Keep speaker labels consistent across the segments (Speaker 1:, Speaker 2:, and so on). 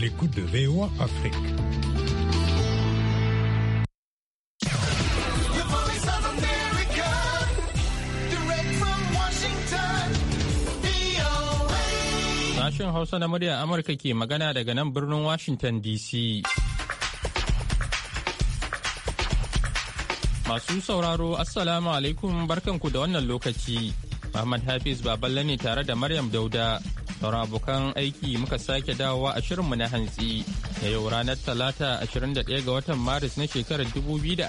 Speaker 1: l'écoute de VOA Afrique.
Speaker 2: Sashen Hausa na muryar Amurka ke magana daga nan birnin Washington DC. Masu sauraro, Assalamu alaikum barkanku da wannan lokaci. Muhammad Hafiz Baballe ne tare da Maryam Dauda Sauran abokan aiki muka sake dawowa a shirinmu na hantsi da yau ranar Talata 21 ga watan Maris na shekarar 2023.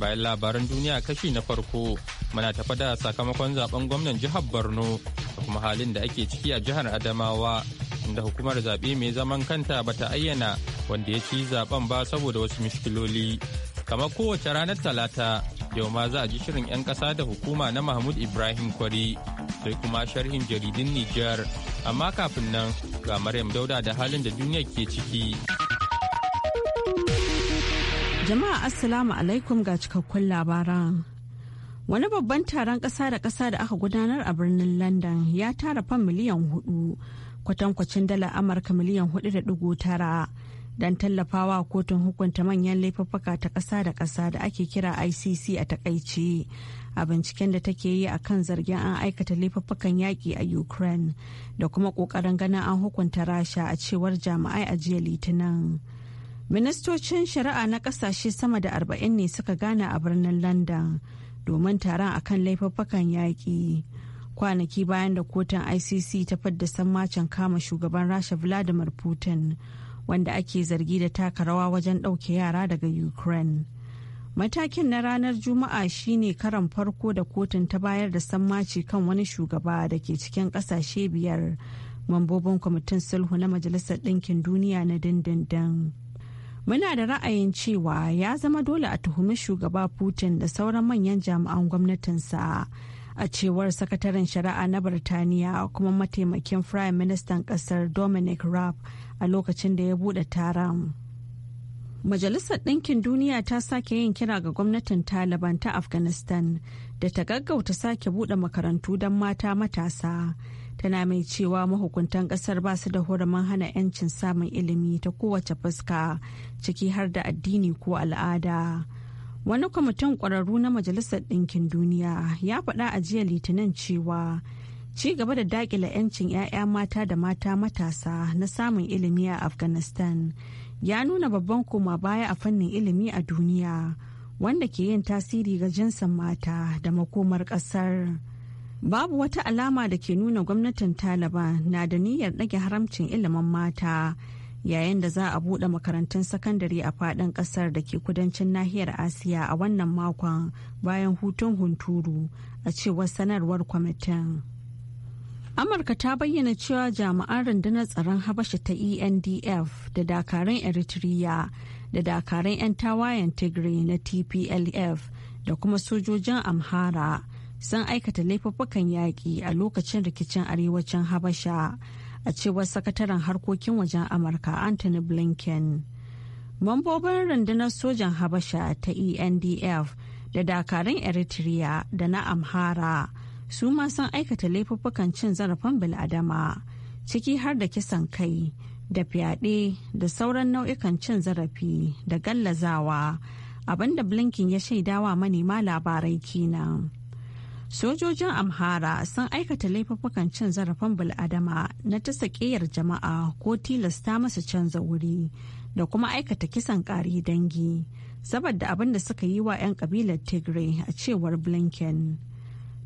Speaker 2: Bayan labaran duniya kashi na farko muna tafa da sakamakon zaben gwamnan jihar Borno da kuma halin da ake ciki a jihar Adamawa inda hukumar zaɓe mai zaman kanta bata ayyana wanda ya ci zaben ba saboda wasu mishkiloli. Kamar kowace ranar Talata, yau ma za a ji shirin 'yan ƙasa da hukuma na Mahmud Ibrahim Kwari, sai kuma sharhin jaridun Nijar. Amma kafin nan ga Maryam Dauda da halin da duniya ke ciki.
Speaker 3: Jama'a Assalamu alaikum ga cikakkun labaran. Wani babban taron ƙasa da ƙasa da aka gudanar a birnin London ya tara fan miliyan hudu, kwatankwacin dala Amurka miliyan hudu da dugu tara. don tallafawa kotun hukunta manyan laifuffuka ta ƙasa da ƙasa da ake kira icc a takaici a binciken da take yi a kan zargin an aikata laifuffukan yaƙi a ukraine da kuma ƙoƙarin ganin an hukunta rasha a cewar jami'ai a jiya litinin ministocin shari'a na ƙasashe sama da arba'in ne suka gane a birnin london domin taron akan laifuffukan yaƙi kwanaki bayan da kotun icc ta fadda sammacin kama shugaban rasha vladimir putin wanda ake zargi da taka rawa wajen ɗauke yara daga ukraine matakin na ranar juma'a shine karan farko da kotun ta bayar da sammaci kan wani shugaba da ke cikin ƙasashe biyar mambobin kwamitin sulhu na majalisar ɗinkin duniya na dindindin muna da ra'ayin cewa ya zama dole a tuhumi shugaba putin da sauran manyan jami'an gwamnatinsa a cewar sakataren shari'a na birtaniya kuma mataimakin prime ministan kasar dominic raab a lokacin da ya bude taron majalisar ɗinkin duniya ta sake yin kira ga gwamnatin taliban ta afghanistan da ta gaggauta sake bude makarantu don mata matasa tana mai cewa mahukuntan ƙasar ba su da hurumin hana 'yancin samun ilimi ta kowace fuska ciki har da addini ko al'ada. wani kwamitin kwararru na majalisar ɗinkin duniya ya faɗa a jiya litinin cewa ci gaba da dakila 'yancin 'ya'ya mata da mata matasa na samun ilimi a afghanistan ya nuna babban koma baya a fannin ilimi a duniya wanda ke yin tasiri ga jinsin mata da makomar ƙasar babu wata alama da ke nuna gwamnatin taliban na da niyyar ɗage haramcin ilimin mata yayin da za a buɗe makarantun sakandare a faɗin ƙasar da ke kudancin nahiyar asiya a wannan makon bayan hutun hunturu a cewar sanarwar kwamitin amurka ta bayyana cewa jami'an rundunar tsaron habasha ta endf da dakarun eritrea da dakarun 'yan tawayen tigray na tplf da kuma sojojin amhara sun aikata laifuffukan yaƙi a lokacin rikicin arewacin habasha a cewar sakataren harkokin wajen amurka anthony blinken mambobin rundunar sojan habasha ta endf da dakarun eritrea da na amhara su ma sun aikata laifuffukan cin zarafin biladama ciki har da kisan kai da fyaɗe da sauran nau'ikan cin zarafi da gallazawa abinda blinken ya shaidawa manema labarai kenan. sojojin amhara sun aikata laifuffukan cin zarafin bil'adama na ta sakeyar jama'a ko tilasta masa canza wuri da kuma aikata kisan ƙari dangi saboda abin da suka yi wa 'yan kabilar tigray a cewar blinken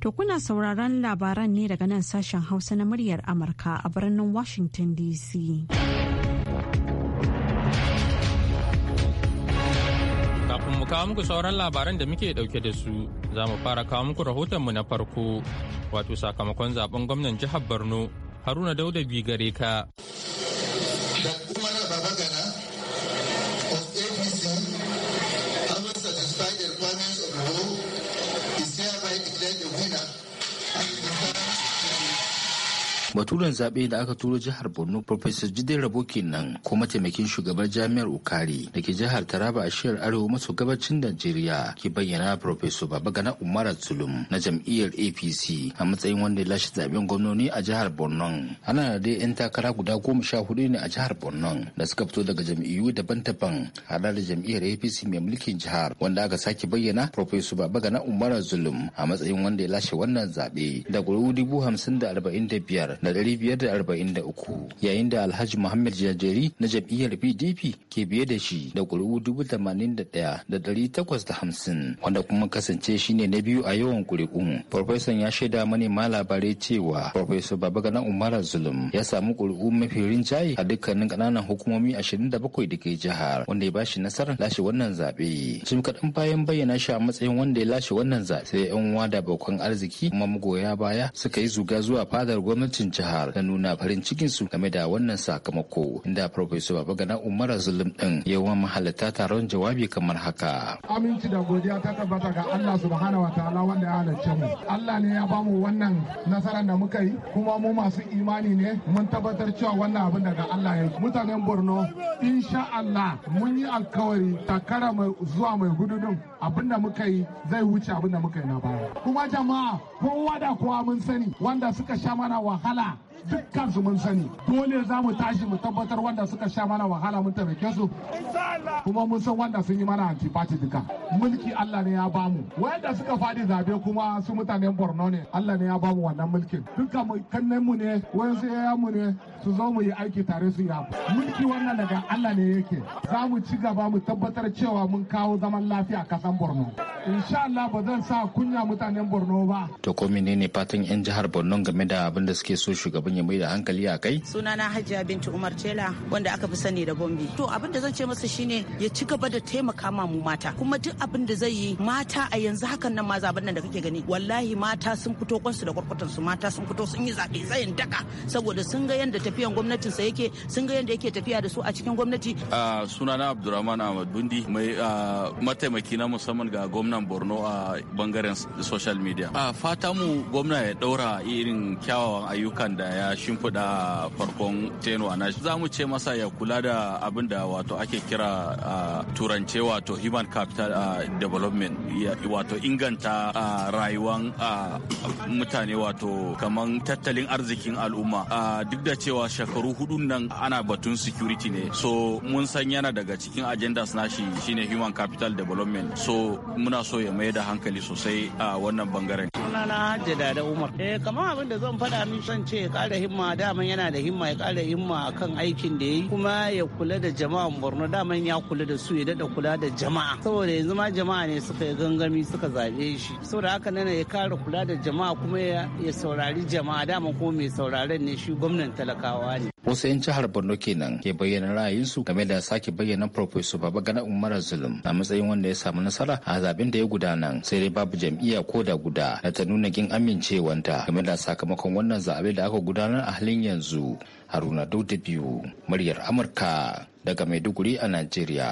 Speaker 3: to kuna sauraron labaran ne daga nan sashen hausa na muryar amurka a birnin washington dc
Speaker 2: Kafin mu kawo muku sauran labaran da muke dauke da su, za mu fara kawo muku rahotonmu na farko, wato sakamakon zaben gwamnan jihar Borno, Haruna Dauda Bigare ka.
Speaker 4: Baturen zaɓe da aka turo jihar Borno Professor Jide Rabo kenan ko mataimakin Shugabar jami'ar Ukari da ke jihar Taraba a shiyar Arewa maso gabacin Najeriya ke bayyana Professor Babagana Umar Zulum na jam'iyyar APC a matsayin wanda ya lashe zaɓen gwamnoni a jihar Borno. Ana da dai 'yan takara guda goma sha hudu ne a jihar Borno da suka fito daga jam'iyyu daban-daban haɗa da jam'iyyar APC mai mulkin jihar wanda aka sake bayyana Professor Babagana Umar Zulum a matsayin wanda ya lashe wannan zaɓe da guru dubu hamsin da arba'in da biyar da 543 yayin da alhaji muhammad jajiri na jam'iyyar pdp ke biye da shi da ƙuri'u 81,850 wanda kuma kasance shine na biyu a yawan ƙuri'un farfesan ya shaida manema labarai cewa baba babagana umar zulum ya samu ƙuri'u mafi rinjaye a dukkanin ƙananan hukumomi 27 da ke jihar wanda ya ba shi nasarar lashe wannan zaɓe jim kaɗan bayan bayyana shi a matsayin wanda ya lashe wannan zaɓe sai yan uwa da abokan arziki kuma magoya baya suka yi zuga zuwa fadar gwamnatin jihar da nuna farin cikin su game da wannan sakamako inda Professor Babagana Umar Zulum din yawan mahalarta taron jawabi kamar haka.
Speaker 5: Aminci
Speaker 6: da godiya ta tabbata ga Allah subhanahu wa ta'ala wanda ya halarce mu. Allah ne ya bamu wannan nasarar da muka yi kuma mu masu imani ne mun tabbatar cewa wannan abin daga Allah ya Mutanen Borno insha Allah mun yi alkawari takara mai zuwa mai gududun abin da muka yi zai wuce abin da muka yi na baya. Kuma jama'a kowa da kowa mun sani wanda suka sha mana wahala না dukkan su mun sani dole za mu tashi mu tabbatar wanda suka sha mana wahala mun taimake su kuma mun san wanda sun yi mana antipati duka mulki Allah ne ya bamu wanda suka fadi zabe kuma su mutanen Borno ne Allah ne ya bamu wannan mulkin dukkan mu kannen mu ne wayansu yayan mu ne su zo mu yi aiki tare su ya mulki wannan daga Allah ne yake za mu ci gaba mu tabbatar cewa mun kawo zaman lafiya a kasan Borno insha Allah ba zan sa kunya mutanen Borno ba
Speaker 4: to ko menene fatan yan jihar Borno game da abin da suke so shugaban abin ya mai da hankali a kai
Speaker 3: sunana hajiya Bintu umar tela wanda aka fi sani da bombi to abin da zan ce masa shine ya ci gaba da taimaka ma mu mata kuma duk abin da zai yi mata a yanzu hakan nan ma zaben nan da kake gani wallahi mata sun fito kwansu da kwarkwatan su mata sun fito sun yi zaɓe tsayin daka saboda sun ga yanda tafiyan gwamnatin sa yake sun ga yanda yake tafiya da su a cikin gwamnati
Speaker 4: sunana Abdulrahman ahmad bundi mai mataimaki na musamman ga gwamnan borno a bangaren social media fata mu gwamna ya daura irin kyawawan ayyukan da ya shimfiɗa farkon tenuwa na za mu ce masa ya kula da abin da wato ake kira a turance wato human capital development wato inganta rayuwan mutane wato kaman tattalin arzikin al'umma duk da cewa shekaru hudun nan ana batun security ne so mun san yana daga cikin agendas nashi shine human capital development so muna so ya mai da hankali sosai a wannan bangaren
Speaker 7: sunana hajji da umar eh kamar abin da zan faɗa min son ce kara himma daman yana da himma ya kara himma akan aikin da ya yi kuma ya kula da jama'a borno dama ya kula da su ya dada kula da jama'a saboda yanzu ma jama'a ne suka yi gangami suka zaɓe shi saboda haka nan ya kara kula da jama'a kuma ya saurari jama'a dama ko mai sauraren ne shi gwamnan talakawa ne.
Speaker 4: wasu 'yan jihar borno kenan ke bayyana ra'ayinsu game da sake bayyana professor gana umar zulum a matsayin wanda ya samu nasara a zaben da ya gudana sai dai babu jam'iyya ko da guda da ta nuna kin amincewanta game da sakamakon wannan zaben da aka gudana gudanar a halin yanzu haruna dauda biyu muryar amurka daga maiduguri a najeriya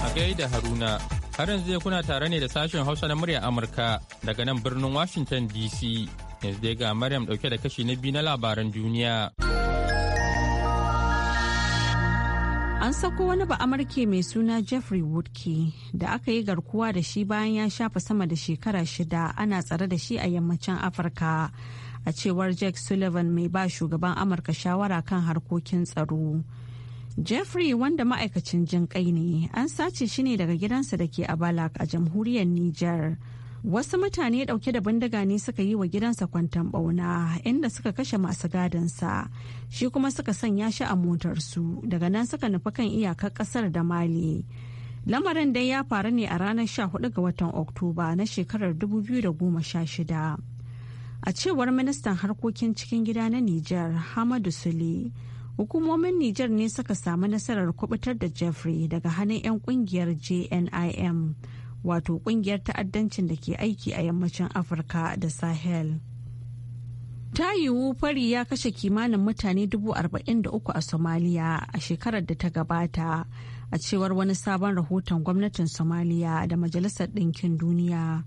Speaker 2: a gaida haruna har yanzu kuna tare ne da sashen hausa na muryar amurka daga nan birnin washington dc yanzu dai ga maryam dauke da kashi na biyu na labaran duniya.
Speaker 3: An sako wani ba'amurke mai suna Jeffrey Woodke da aka yi garkuwa da shi bayan ya shafa sama da shekara shida ana tsare da shi a yammacin Afirka. A cewar Jack Sullivan mai ba shugaban Amurka shawara kan harkokin tsaro. Jeffrey wanda ma'aikacin jin ne an sace shi ne daga gidansa da ke a Balak a jamhuriyar niger. Wasu mutane dauke da bindiga ne suka yi wa gidansa kwantan bauna inda suka kashe masu gadansa shi kuma suka sanya shi a motarsu daga nan suka nufi kan iyakar kasar da Mali. Lamarin dai ya faru ne a ranar 14 ga watan Oktoba na shekarar 2016. A cewar ministan harkokin cikin gida na Nijar, Hamadu Sule, hukumomin Nijar ne suka samu nasarar kubutar da Jeffrey daga hannun 'yan kungiyar JNIM wato kungiyar ta'addancin da ke aiki a yammacin afirka da sahel ta yiwu fari ya kashe kimanin mutane uku a somaliya a shekarar da ta gabata a cewar wani sabon rahoton gwamnatin somaliya da majalisar ɗinkin duniya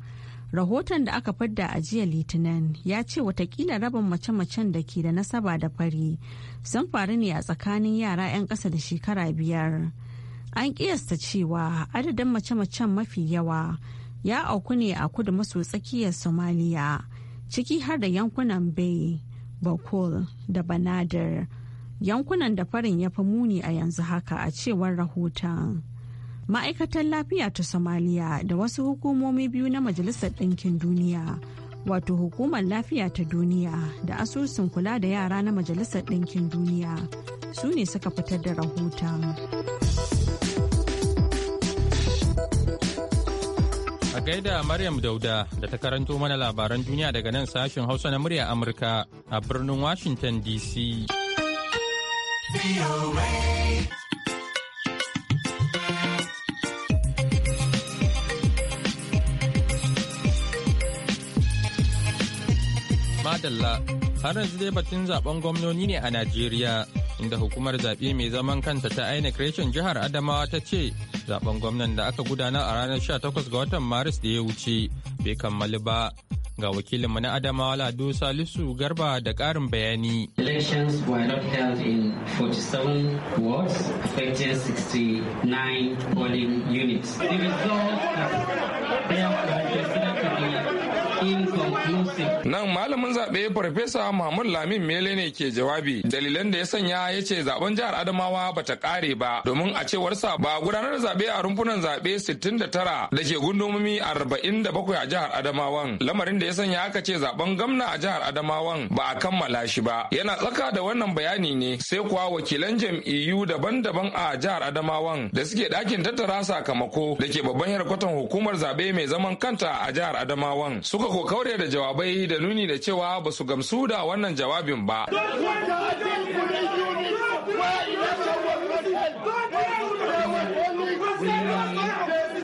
Speaker 3: rahoton da aka fadda a jiya litinin ya ce watakila rabin mace-macen da ke da nasaba da fari sun faru ne a tsakanin yara 'yan ƙasa da shekara biyar. an kiyasta cewa adadin mace-macen mafi yawa ya auku ne a kudu maso tsakiyar somaliya ciki har da yankunan bay bakul da banadar yankunan da farin ya fi muni a yanzu haka a cewar rahoton Ma'aikatan lafiya ta somaliya da wasu hukumomi biyu na majalisar ɗinkin duniya wato hukumar lafiya ta duniya da asusun kula da yara na majalisar ɗinkin duniya su ne suka fitar da rahoton.
Speaker 2: gaida Maryam Dauda da ta karanto mana labaran duniya daga nan sashen Hausa na murya Amurka a birnin Washington DC. Madalla, har yanzu dai batun zaben gwamnoni ne a Najeriya. inda hukumar zaɓe mai zaman kanta ta INEC reshen jihar Adamawa ta ce zaben gwamnan da aka gudana a ranar 18 ga watan Maris da ya wuce bai kammali ba. Ga wakilinmu na Adamawa Lado Salisu Garba da ƙarin bayani.
Speaker 7: Elections were not held in 47 wards affecting 69 polling units. Nan malamin
Speaker 8: zaɓe Farfesa Muhammadu Lamin Mele ne ke jawabi dalilan da ya sanya ya ce zaben jihar Adamawa ba ta ƙare ba domin a cewarsa ba gudanar zaɓe a rumfunan zaɓe 69 da ke gundumomi 47 a jihar Adamawan lamarin da ya sanya aka ce zaɓen gwamna a jihar Adamawan ba a kammala shi ba yana tsaka da wannan bayani ne sai kuwa wakilan jam'iyyu daban-daban a jihar Adamawan da suke ɗakin tattara sakamako da ke babban yarkwatan hukumar zaɓe mai zaman kanta a jihar Adamawan suka ko kaure da jawabai da nuni da cewa ba su gamsu da wannan jawabin ba.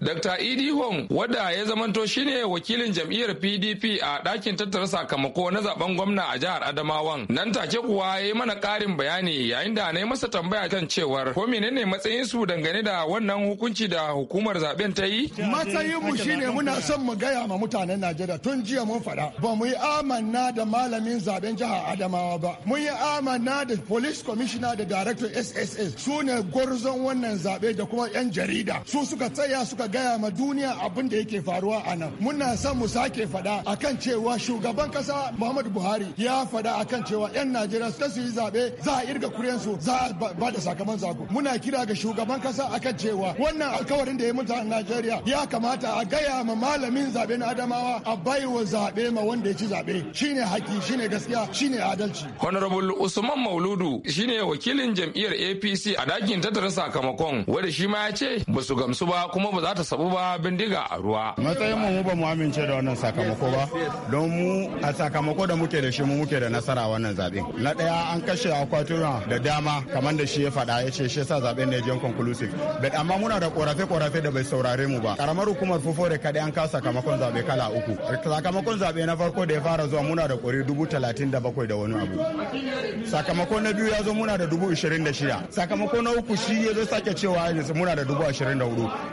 Speaker 8: Dr. Idi Hong wadda ya zamanto shine wakilin jam'iyyar PDP a ɗakin tattara sakamako na zaben gwamna a jihar Adamawa. Nan take kuwa ya yi mana ƙarin bayani yayin da na masa tambaya kan cewar ko menene matsayin su dangane da wannan hukunci da hukumar zaben ta yi? Matsayin mu shine muna
Speaker 6: son mu gaya ma mutanen Najeriya tun jiya mun faɗa. Ba mu yi amanna da malamin zaben jihar Adamawa ba. Mun yi amanna da police commissioner da director SSS su ne gwarzon wannan zaɓe da kuma 'yan jarida. Su suka tsaya suka gaya ma duniya abin da yake faruwa a nan muna son mu sake faɗa akan cewa shugaban kasa muhammadu buhari ya faɗa akan cewa 'yan najeriya su su yi zaɓe za a irga su za a ba da sakamakon zago muna kira ga shugaban kasa akan cewa wannan alkawarin da ya mutu a najeriya ya kamata a gaya ma malamin zaɓe na adamawa a baiwa zaɓe ma wanda ya ci zaɓe shine haƙi shine gaskiya shine adalci
Speaker 8: honorable usman mauludu shine wakilin jam'iyyar apc a dakin tattara sakamakon wanda shi ma ya ce ba su gamsu ba kuma ba za ta sabu ba bindiga a ruwa.
Speaker 4: Matsayin mu ba mu amince da wannan sakamako ba don mu a sakamako da
Speaker 8: muke da shi mu muke da nasara wannan zaɓe. Na ɗaya an kashe akwatuna da dama kamar da shi ya faɗa ya ce shi yasa zaɓen ne jan conclusive. Bet amma muna da korafe-korafe da bai saurare mu ba. Karamar hukumar da kaɗai an kawo sakamakon zaɓe kala uku. Sakamakon zaɓe na farko da ya fara zuwa muna da ƙuri dubu talatin da bakwai da wani abu. Sakamako na biyu ya zo muna da dubu ishirin da shida. Sakamako na uku shi ya sake cewa muna da dubu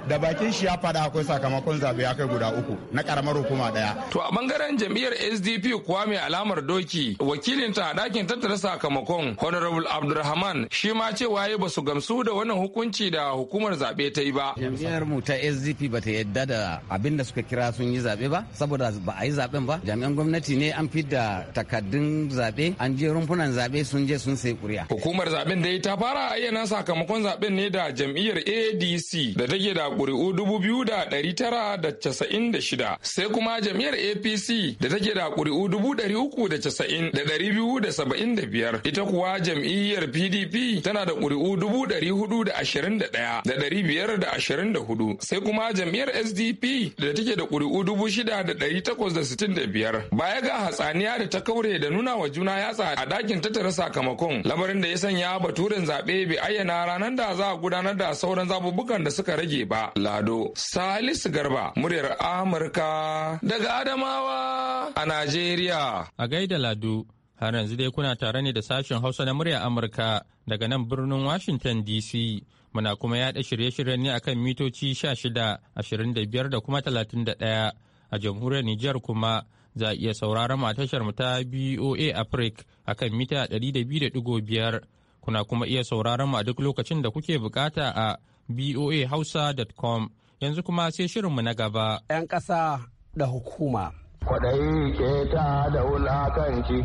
Speaker 8: Da bakin shi ya fada akwai sakamakon zaɓe ya kai guda uku na karamar hukuma daya To a bangaren jam'iyyar SDP kuwa mai alamar doki wakilinta a dakin tattara sakamakon Honorable Abdulrahman shi ma cewa ya basu gamsu da wannan hukunci da hukumar zabe ta yi ba.
Speaker 4: Jam'iyyar mu ta SDP ba ta yadda
Speaker 9: da abin da suka kira sun yi zaɓe ba saboda ba a yi zaben ba jami'an gwamnati ne an fidda takaddun zaɓe an je rumfunan zabe sun je sun sai kuri'a.
Speaker 8: Hukumar zaɓen da ta fara ayyana sakamakon zaɓen ne da jam'iyyar ADC da take da kuri'u 2,996 sai kuma jam'iyyar APC da take da ƙuri'u 390,275 ita kuwa jam'iyyar PDP tana da ƙuri'u 421,524 sai kuma jam'iyyar SDP da take da ƙuri'u 6,865 baya ga hatsaniya da ta kaure da nuna wa juna yatsa a dakin tattara sakamakon lamarin da ya sanya baturen zaɓe bai ayyana ranar da za a gudanar da sauran zabubukan da suka rage ba lado Salisu Garba, muryar Amurka daga Adamawa
Speaker 2: a Najeriya. A gaida Lado, har yanzu dai kuna tare ne da sashen Hausa na muryar Amurka daga nan birnin Washington DC. Muna kuma yaɗa shirye-shiryen ne akan mitoci 16, da kuma 31 a jamhuriyar Nijar kuma za a iya sauraron a tashar mu ta BOA Africa akan mita 200.5 kuna kuma iya sauraron mu a duk lokacin da kuke bukata a boahausa.com yanzu kuma sai shirinmu na gaba.
Speaker 7: 'Yan ƙasa da hukuma.
Speaker 5: Kwaɗayi ke ta da wulakanci,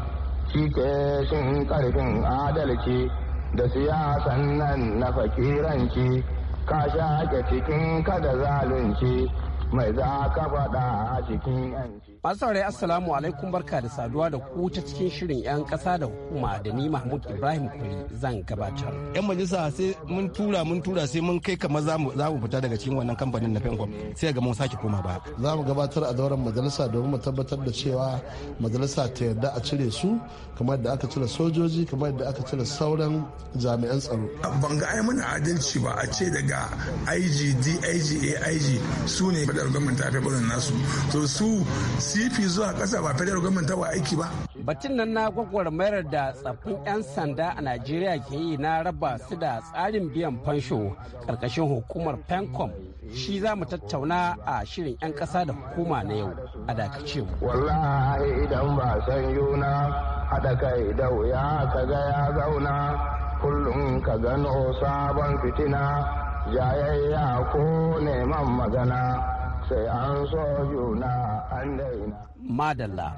Speaker 5: shi ke shin ƙarfin adalci da siyasan nan na fakiranci, ka shaƙe cikin kada zalunci, mai za ka faɗa a cikin yanci. Masu
Speaker 7: saurari Assalamu alaikum barka da saduwa da ku ta cikin shirin 'yan kasa da hukuma da ni Mahmud Ibrahim Kuli zan gabatar. 'Yan majalisa
Speaker 9: sai mun tura mun tura sai mun kai kamar za mu fita daga cikin wannan kamfanin na Fenkom sai ga mun sake
Speaker 6: koma ba. Za mu gabatar a dauran majalisa domin mu tabbatar da cewa majalisa ta yarda a cire su kamar da aka cire sojoji kamar da aka cire sauran jami'an tsaro.
Speaker 1: Ban ga ai mana adalci ba a ce daga igd iga ig su ne gwamnati ta fi nasu. To su sifi zuwa kasa ba federal government ta ba aiki ba
Speaker 7: batun nan na mayar da tsaffin 'yan sanda a najeriya ke yi na raba su da tsarin biyan fansho karkashin hukumar pencom shi za mu tattauna a shirin 'yan kasa da hukuma na yau a dakace mu
Speaker 5: wallahi idan ba san yuna haɗa kai da wuya ka ga ya zauna kullum ka gano sabon fitina jayayya ko neman magana sai an so juna Madalla.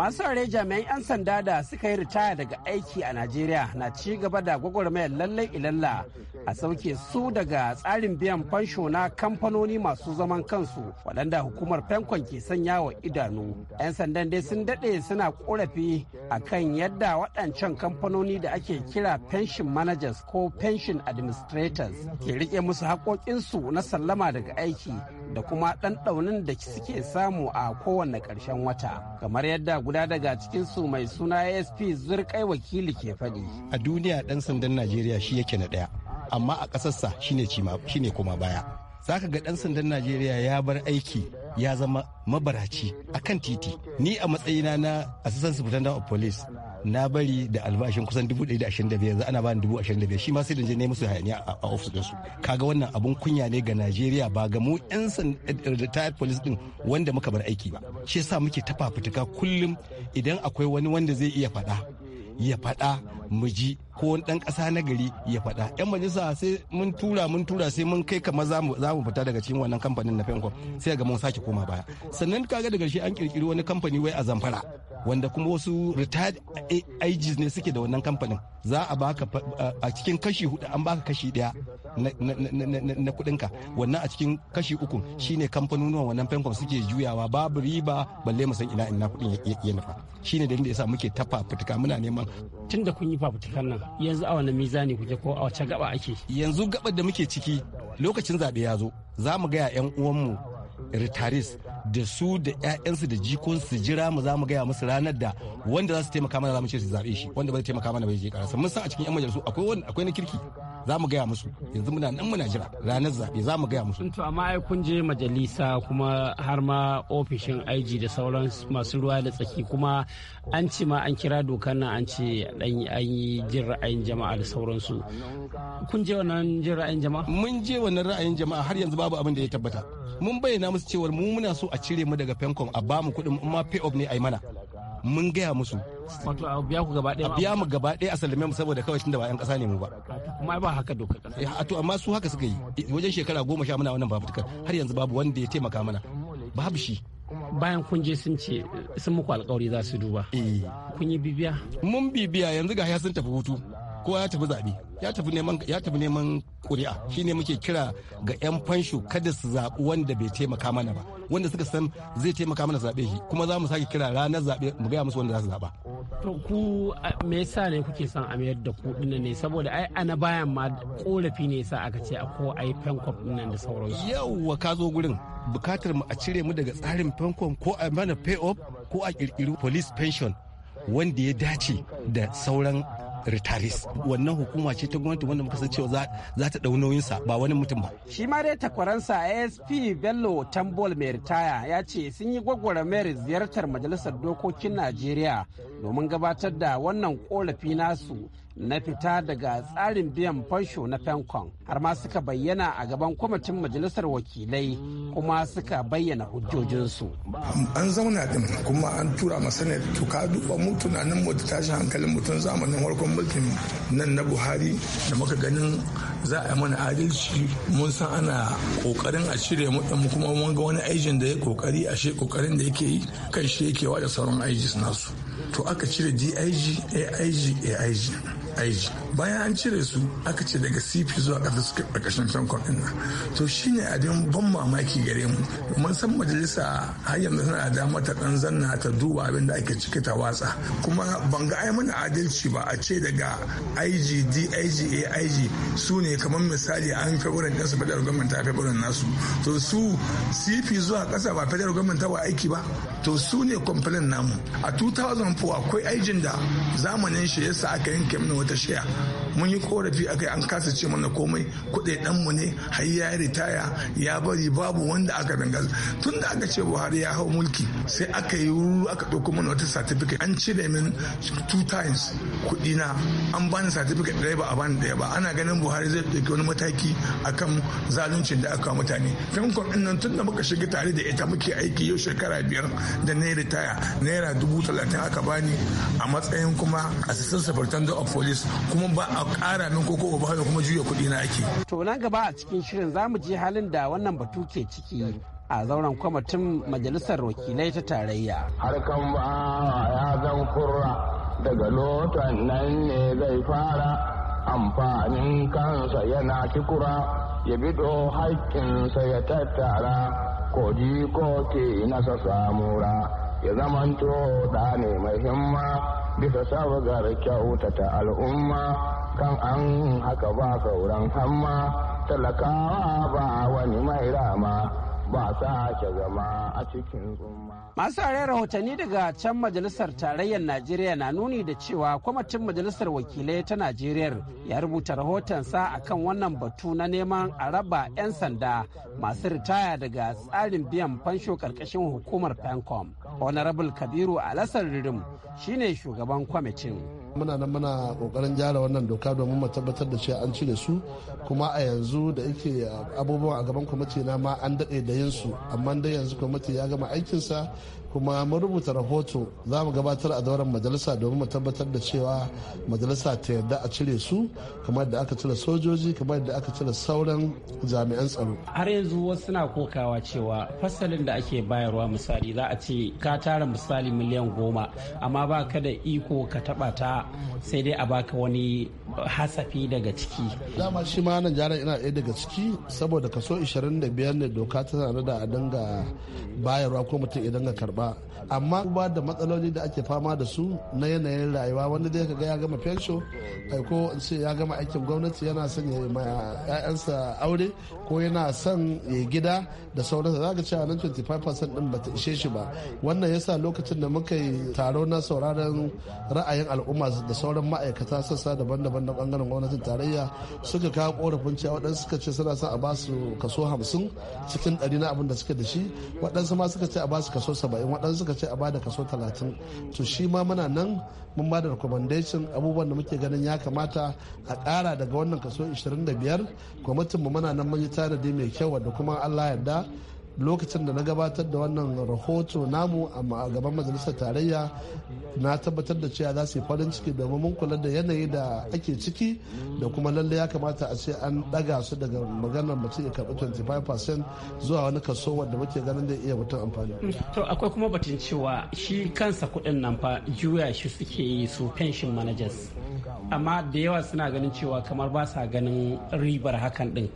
Speaker 7: masu rare jami'an 'yan sanda da suka yi ritaya daga aiki a najeriya na ci gaba da gwagwarmayar lallai ilalla a sauke su daga tsarin biyan fansho na kamfanoni masu zaman kansu waɗanda hukumar Fankon ke sanya wa idanu 'yan sandan dai sun daɗe suna ƙorafi a kan yadda waɗancan kamfanoni da ake kira pension managers ko pension administrators ke rike musu haƙoƙinsu na sallama daga aiki da kuma ɗanɗaunin da suke samu a kowane ƙarshen wata kamar yadda guda daga cikin su mai suna asp zurkai wakili ke faɗi.
Speaker 9: a duniya ɗan sandan najeriya shi yake na ɗaya amma a ƙasarsa shine kuma baya zaka ga ɗan sandan najeriya ya bar aiki ya zama mabaraci akan titi ni a matsayina na assistant superintendent of police na bari da albashin kusan dubu ɗaya da ashirin da biyar ana bani dubu ashirin da biyar shi ma sai da je nemi musu hayaniya a ofis ɗinsu kaga wannan abun kunya ne ga najeriya ba ga mu yan retired eh, police din wanda muka bar aiki ba shi yasa muke ta fafutuka kullum idan akwai wani wanda zai iya faɗa ya faɗa mu ji ko wani ɗan ƙasa na gari ya faɗa yan majalisa sai mun tura mun tura sai mun kai kamar za mu fita daga cikin wannan kamfanin na fenkon sai ga mun sake koma baya sannan kaga daga shi an kirkiri wani kamfani wai a zamfara wanda kuma wasu retired ages ne suke da wannan kamfanin za a baka a cikin kashi hudu an baka kashi daya na kudinka wannan a cikin kashi uku shine kamfanonuwan wannan fenkom suke juyawa babu riba balle mu san ina ina kudin ya nufa shine dalilin da yasa muke tafa fafutuka muna neman Tunda kun yi fafutukan nan yanzu a wani mizani kuke ko a wace gaba ake yanzu gabar da muke ciki lokacin zaɓe ya zo za mu gaya 'yan uwanmu ritaris da su da 'ya'yansu da jikon su jira mu za mu gaya musu ranar da wanda za su taimaka mana za mu ce su zaɓe shi wanda ba zai taimaka mana ba je karasa mun san a cikin 'yan majalisu akwai akwai na kirki za mu gaya musu yanzu muna nan muna jira ranar zaɓe za mu gaya musu.
Speaker 7: to amma ai kun je majalisa kuma har ma ofishin IG da sauran masu ruwa da tsaki kuma an ce ma an kira dokar nan an ce an yi jin ra'ayin jama'a da sauransu kun je wannan jin ra'ayin jama'a. mun je wannan ra'ayin jama'a har yanzu babu abin da ya tabbata mun bayyana musu
Speaker 9: cewar mu muna so a cire mu daga fenkon a bamu kuɗin ma pay off ne a yi mana mun gaya musu a biya ku a biya mu gaba ɗaya a mu saboda kawai tunda ba yan ƙasa ne mu ba kuma ba haka doka ƙasa eh, to amma su haka suka yi wajen shekara goma sha muna wannan tukar har yanzu babu wanda ya taimaka mana babu shi bayan kun je sun ce sun muku alkawari za su duba eh. kun yi bibiya mun bibiya yanzu ga ya sun tafi hutu ko ya tafi zaɓe ya tafi neman ya tafi neman ƙuri'a shine muke kira ga 'yan fansho kada su zaɓi wanda bai taimaka mana ba wanda suka san zai taimaka mana zaɓe shi kuma za mu sake kira ranar zaɓe mu gaya musu wanda za su zaɓa.
Speaker 7: to ku me yasa ne kuke son a mayar da kuɗi dinnan ne saboda ai ana bayan ma korafi ne yasa aka ce a ko ai fenkop dinnan da sauransu. yawwa ka zo gurin bukatar
Speaker 9: mu a cire mu daga tsarin fankop ko a mana pay off ko a kirkiri police pension wanda ya dace da sauran retires wannan hukuma ce ta gwamnati wanda muka san cewa za ta dau nauyinsa ba wani mutum ba
Speaker 7: shi ma dai takwaransa asp bello tambol mai ritaya ya ce sun yi mai ziyartar majalisar dokokin najeriya domin gabatar da wannan korafi nasu na fita daga tsarin biyan fansho na fankon har ma suka bayyana a gaban kwamitin majalisar wakilai kuma suka bayyana hujjojinsu
Speaker 1: an zauna din kuma an tura ma to ka duba mu tunanin mu da tashin hankalin mutum zamanin farkon mulkin nan na buhari da muka ganin za a mana adalci mun san ana kokarin a cire mu kuma mun ga wani aijin da ya kokari a shi kokarin da yake yi kan shi yake wa da sauran aijis nasu to aka cire dig aig aig aiki bayan an cire su aka ce daga cp zuwa ƙasa suke ƙarƙashin tankon ɗin nan to shine abin ban mamaki gare mu mun san majalisa har yanzu tana da ta ɗan zanna ta duba abin da ake ciki ta watsa kuma ban ga ai mana adalci ba a ce daga ig dig aig su ne kamar misali an fi wurin ɗansu federal government ta fi wurin nasu to su cp zuwa kasa ba fadar government ta wa aiki ba to su ne kwamfanin namu a 2004 akwai aijin da zamanin shi yasa aka yanke mana wata This year. mun yi korafi akai an kasa ce mana komai dan mu ne har ya ritaya ya bari babu wanda aka dangal tun da aka ce buhari ya hau mulki sai aka yi ruru aka ɗauko mana wata certificate an cire min two times kuɗi na an bani certificate ɗaya ba a bani ɗaya ba ana ganin buhari zai ɗauki wani mataki akan zaluncin da aka mutane famkon ɗin nan tun da muka shiga tare da ita muke aiki yau shekara biyar da na ritaya naira dubu talatin aka bani a matsayin kuma assistant superintendent of police kuma ba a ƙara ko koko ba kuma juya kuɗi
Speaker 7: na ake. To nan gaba a cikin shirin za mu je halin da wannan batu ke ciki a zauren kwamitin majalisar wakilai ta tarayya.
Speaker 5: Harkan ba ya zan kurra daga lotan nan ne zai fara amfanin kansa yana kikura ya bido haƙƙinsa ya tattara ko ji ko ke nasa samura. ya zamanto da ne mai himma bisa kyauta ta al'umma kan an haka ba sauran hamma talakawa ba wani mai rama ba ake zama a cikin tsumma.
Speaker 7: Masu are rahotanni daga can majalisar tarayyar Najeriya na nuni da cewa kwamitin majalisar wakilai ta Najeriya ya rubuta rahotonsa a kan wannan batu na neman a raba 'yan sanda masu ritaya daga tsarin biyan fansho karkashin hukumar PENCOM. Honorable Kabiru Alassar Ririm shine shugaban
Speaker 6: kwamitin. muna nan muna kokarin gyara wannan doka domin mu tabbatar da cewa an cire su kuma a yanzu da yake abubuwan a gaban kwamiti na ma an daɗe da yin su amma dai yanzu kwamiti ya gama aikinsa kuma mun rubuta rahoto za mu gabatar a dauran majalisa domin mu tabbatar da cewa majalisa ta yarda a cire su kamar da aka cire sojoji kamar da aka cire sauran jami'an tsaro har yanzu wasu suna kokawa cewa fasalin
Speaker 7: da ake bayarwa misali za a ce ka tara misali miliyan goma amma ba ka da iko ka taba ta sai dai a baka wani hasafi daga ciki
Speaker 6: dama shi ma nan jaran ina ɗaya daga ciki saboda kaso 25 ne doka tana da a dinga bayarwa ko mutum idan ga karɓa ba amma ba da matsaloli da ake fama da su na yanayin rayuwa wanda dai kaga ya gama fensho ko ya gama aikin gwamnati yana sanya ya ma 'ya'yansa aure ko yana son ya gida da sauransa za ka cewa nan 25% din bata ishe shi ba wannan yasa lokacin da muka yi taro na sauraron ra'ayin al'umma da sauran ma'aikata sassa daban-daban na bangaren gwamnatin tarayya suka kawo korafin cewa waɗansu suka ce suna son a ba su kaso 50 cikin 100 na abin da suke da shi waɗansu ma suka ce a ba su kaso 70 waɗansu suka ce a ba da kaso 30 to shi ma muna nan mun ba da recommendation abubuwan da muke ganin ya kamata a ƙara daga wannan kaso 25 mu muna nan mun yi tanadi mai kyau wadda kuma allah yarda lokacin da na gabatar da wannan rahoto namu a gaban majalisar tarayya na tabbatar da cewa za su yi farin ciki domin mun kula da yanayi da ake ciki da kuma lalle ya kamata a ce an daga su daga maganar mace ya karbi 25% zuwa wani kaso wanda muke ganin da iya mutum amfani.
Speaker 7: to akwai kuma batun cewa shi kansa kuɗin nan fa juya shi suke yi su pension managers amma da yawa suna ganin cewa kamar ba sa ganin ribar hakan din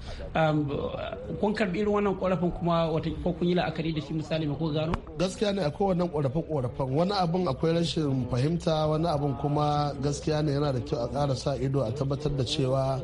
Speaker 7: kun karbi irin wannan korafin kuma wata ko kun yi la'akari da shi misali ko gano
Speaker 6: gaskiya ne akwai wannan korafin korafin wani abin akwai rashin fahimta wani abu kuma gaskiya ne yana da kyau a ƙara sa ido a tabbatar da cewa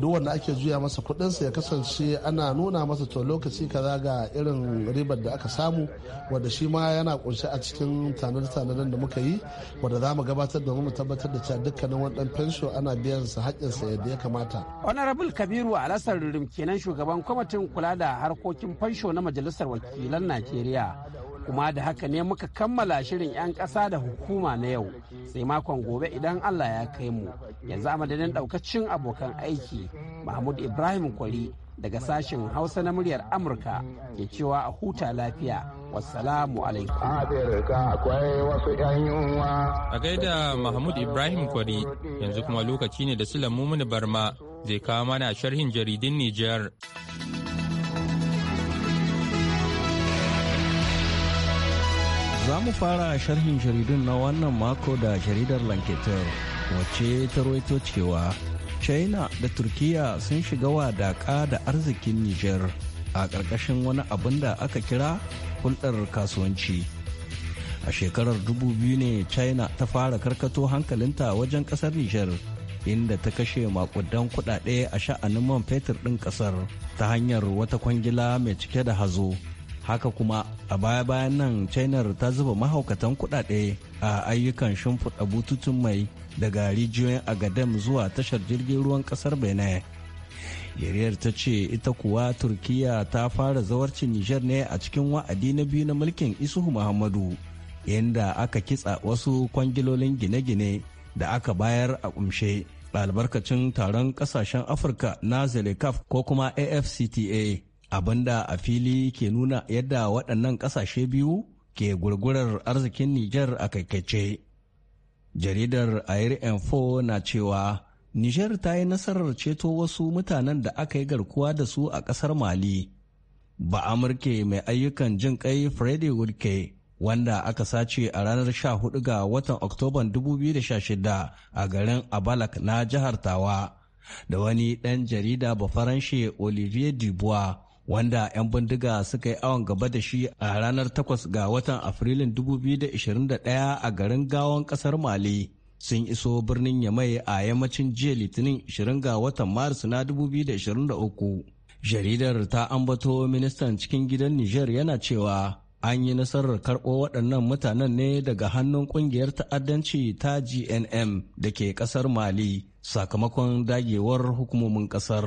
Speaker 6: duk wanda ake juya masa sa ya kasance ana nuna masa to lokaci kaza ga irin ribar da aka samu wanda shi ma yana kunshi a cikin tanadar-tanadar da muka yi wanda za mu gabatar da mu tabbatar da cewa dukkanin wani fensho ana biyan sa sa yadda ya kamata.
Speaker 7: honorable kabiru alasan rurum kenan shugaban kwamitin kula da harkokin fensho na majalisar wakilan najeriya kuma da haka ne muka kammala shirin 'yan ƙasa da hukuma na yau sai makon gobe idan allah ya kai mu yanzu a madadin ɗaukacin abokan aiki mahmud ibrahim kwari daga sashen hausa na muryar amurka ke cewa a huta lafiya
Speaker 5: wasalamu alaikum
Speaker 2: a gaida mahmud ibrahim kwari yanzu kuma lokaci ne da sulamu mini barma zai kawo mana sharhin jaridin nijar.
Speaker 10: Za mu fara sharhin jaridun na wannan mako da jaridar Lanketer wacce ta roito cewa China da Turkiya sun shiga wadaka da arzikin niger a ƙarƙashin wani abin da aka kira hulɗar kasuwanci. A shekarar 2000 ne China ta fara karkato hankalinta wajen ƙasar niger inda ta kashe makudan kuɗaɗe a sha'anin man fetur ɗin ƙasar ta hanyar wata kwangila mai cike da hazo haka kuma a baya-bayan nan china ta zuba mahaukatan kudade a ayyukan shimfiɗa bututun mai daga rijiyoyin agadem zuwa tashar jirgin ruwan ƙasar benin yariyar ta ce ita kuwa turkiya ta fara zawarci niger ne a cikin wa'adi na biyu na mulkin isuhu muhammadu inda aka kitsa wasu kwangilolin gine-gine da aka bayar a kumshe albarkacin taron kasashen afirka na zelekaf ko kuma afcta abinda a fili ke nuna yadda waɗannan ƙasashe biyu ke gurgurar arzikin Nijar a kaikace. Jaridar Air Info na cewa Nijar ta yi nasarar ceto wasu mutanen da aka yi garkuwa da su a ƙasar Mali. Ba Amurke mai ayyukan jin kai Freddy Woodke wanda aka sace a ranar 14 ga watan Oktoban 2016 a garin Abalak na jihar Tawa da wani ɗan jarida Bafaranshe Olivier Dubois wanda 'yan bindiga suka yi awon gaba da shi a ranar 8 ga watan afrilun 2021 a garin gawon kasar mali sun iso birnin yamai a yammacin jiya litinin 20 ga watan maris na 2023 jaridar ta ambato ministan cikin gidan niger yana cewa an yi nasarar karɓo waɗannan mutanen ne daga hannun ƙungiyar ta'addanci ta gnm da ke ƙasar mali sakamakon dagewar hukumomin ƙasar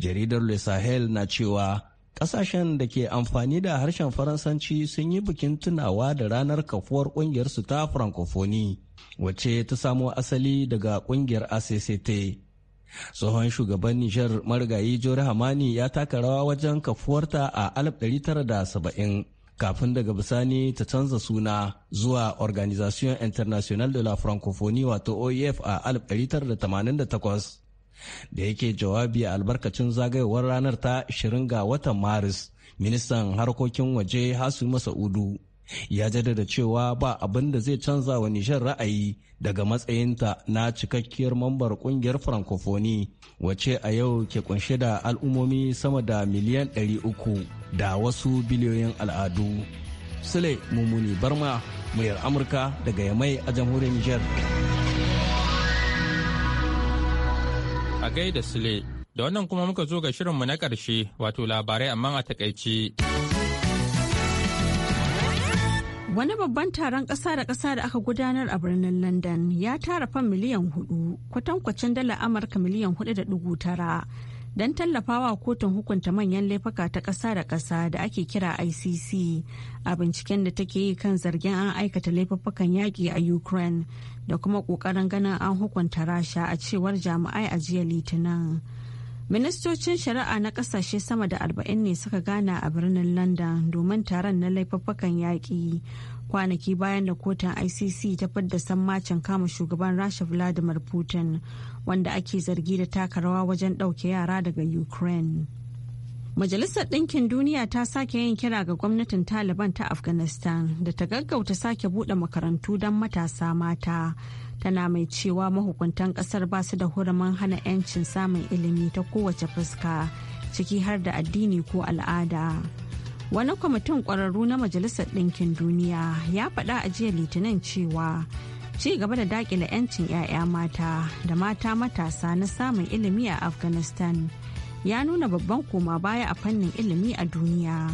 Speaker 10: jaridar le sahel na cewa kasashen da ke amfani da harshen faransanci sun yi bikin tunawa da ranar kafuwar kungiyarsu ta francophony wacce ta samo asali daga kungiyar acct tsohon shugaban nijar marigayi jori hamani ya taka rawa wajen kafuwarta a 1970 kafin daga bisani ta canza suna zuwa organisation International de la francophonie wato oef a 1988 da yake jawabi a albarkacin zagayowar ranar ta 20 ga watan maris ministan harkokin waje hasu masa'udu ya jaddada cewa ba abin da zai canza wa nishar ra'ayi daga matsayinta na cikakkiyar mambar kungiyar francophonie wace a yau ke kunshe da al'ummomi sama da miliyan 300 da wasu biliyoyin al'adu sule mummuni barma muryar amurka daga yamai a jamhuriyar nijar
Speaker 2: a gaida Sule. Da wannan kuma muka zo ga shirinmu na ƙarshe wato labarai amma a takaice.
Speaker 3: Wani babban taron ƙasa da ƙasa da aka gudanar a birnin London ya tara fan miliyan hudu kwatankwacin dala Amurka miliyan hudu da dugu tara. don tallafawa kotun hukunta manyan laifuka ta ƙasa da ƙasa da ake kira icc a binciken da take yi kan zargin an aikata laifukan yaƙi a ukraine da kuma ƙoƙarin ganin an hukunta rasha a cewar jami'ai a jiya litinin ministocin shari'a na ƙasashe sama da arba'in ne suka gana a birnin london domin taron na laifukan yaƙi kwanaki bayan da kotun icc ta fidda sammacin kama shugaban rasha vladimir putin wanda ake zargi da taka rawa wajen ɗauke yara daga ukraine Majalisar Ɗinkin Duniya ta sake yin kira ga gwamnatin Taliban ta Afghanistan da ta gaggauta sake buɗe makarantu don matasa mata. Tana mai cewa mahukuntan ƙasar ba su da hurumin hana 'yancin samun ilimi ta kowace fuska, ciki har da addini ko al'ada. wani kwamitin kwararru na majalisar ɗinkin duniya ya faɗa a jiya litinin cewa ci gaba da dakile 'yancin 'ya'ya mata da mata matasa na samun ilimi a afghanistan ya nuna babban koma baya a fannin ilimi a duniya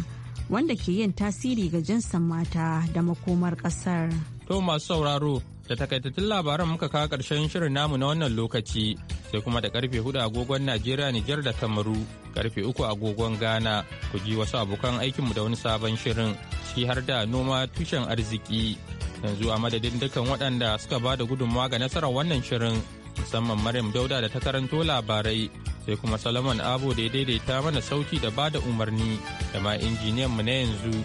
Speaker 3: wanda ke yin tasiri ga jinsin mata da makomar ƙasar.
Speaker 2: to masu sauraro da takaitattun labaran muka kawo ƙarshen shirin namu na wannan lokaci sai kuma da karfe hudu agogon najeriya nijar da kamaru karfe uku agogon Ghana ku ji wasu abokan aikinmu da wani sabon shirin ciki har da noma tushen arziki. Yanzu a madadin dukkan waɗanda suka ba da gudunmawa ga nasarar wannan shirin musamman Maryam Dauda da ta karanto labarai sai kuma Solomon Abo da ya daidaita mana sauti da ba da umarni da ma injiniyan mu na yanzu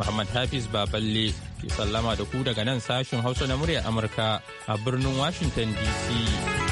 Speaker 2: Muhammad Hafiz Baballe ke sallama da ku daga nan sashen Hausa na muryar Amurka a birnin Washington
Speaker 5: DC.